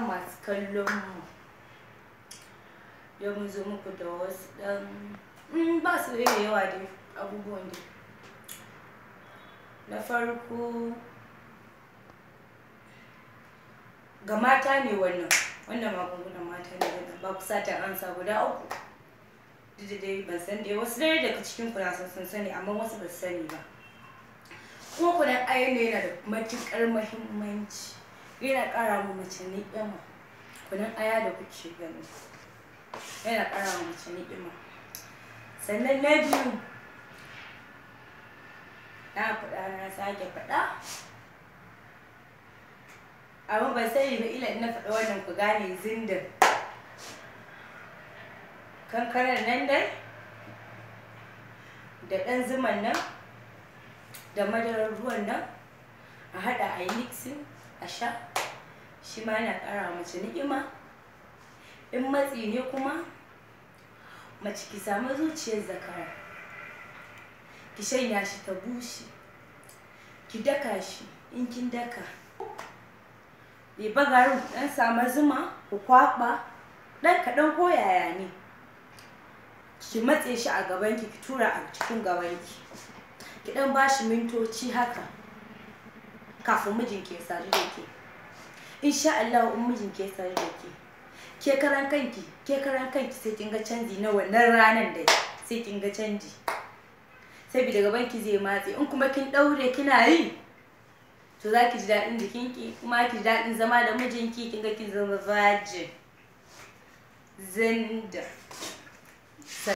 masu kallon mu yau mu zo muku da wasu ɗan mm, ba su da yawa da abubuwan da na farko ga mata ne wannan wannan magungunan mata ne wannan ba kusa ta ansa guda uku duk dai ban san dai wasu dai daga cikin kuna sun sun sani amma wasu ba sani ba kuma kunan ayyana yana da matuƙar muhimmanci yana ƙara wa mace ni'ima kunun aya da kuke gani yana ƙara wa mace ni'ima sannan na biyu na faɗa na sake faɗa amma ban sani ba ila ina faɗa wannan ku gane zindin kankanar nan dai da ɗan zuman nan da madarar ruwan nan a haɗa a yi mixing a sha shi ma yana ƙara mace ni'ima in matsi ne kuma mace ki samu zuciyar zakara ki shanya shi ta bushe ki daka shi in kin daka riba garin ɗan samu zuma ku kwaɓa ɗan kaɗan ko yaya ne ki matse shi a gabanki ki tura a cikin gabanki ki ɗan ba shi mintoci haka kafin mijinki ya sadu da ke insha Allah in mijin ke sai da ke ke karan kanki ke karan kanki sai kin ga canji na wannan ranan da sai kin ga canji Sabida gaban ki zai matse in kuma kin daure kina yi to za ki ji daɗin jikinki kuma ki ji daɗin zama da mijinki kin ga kin zama virgin zinda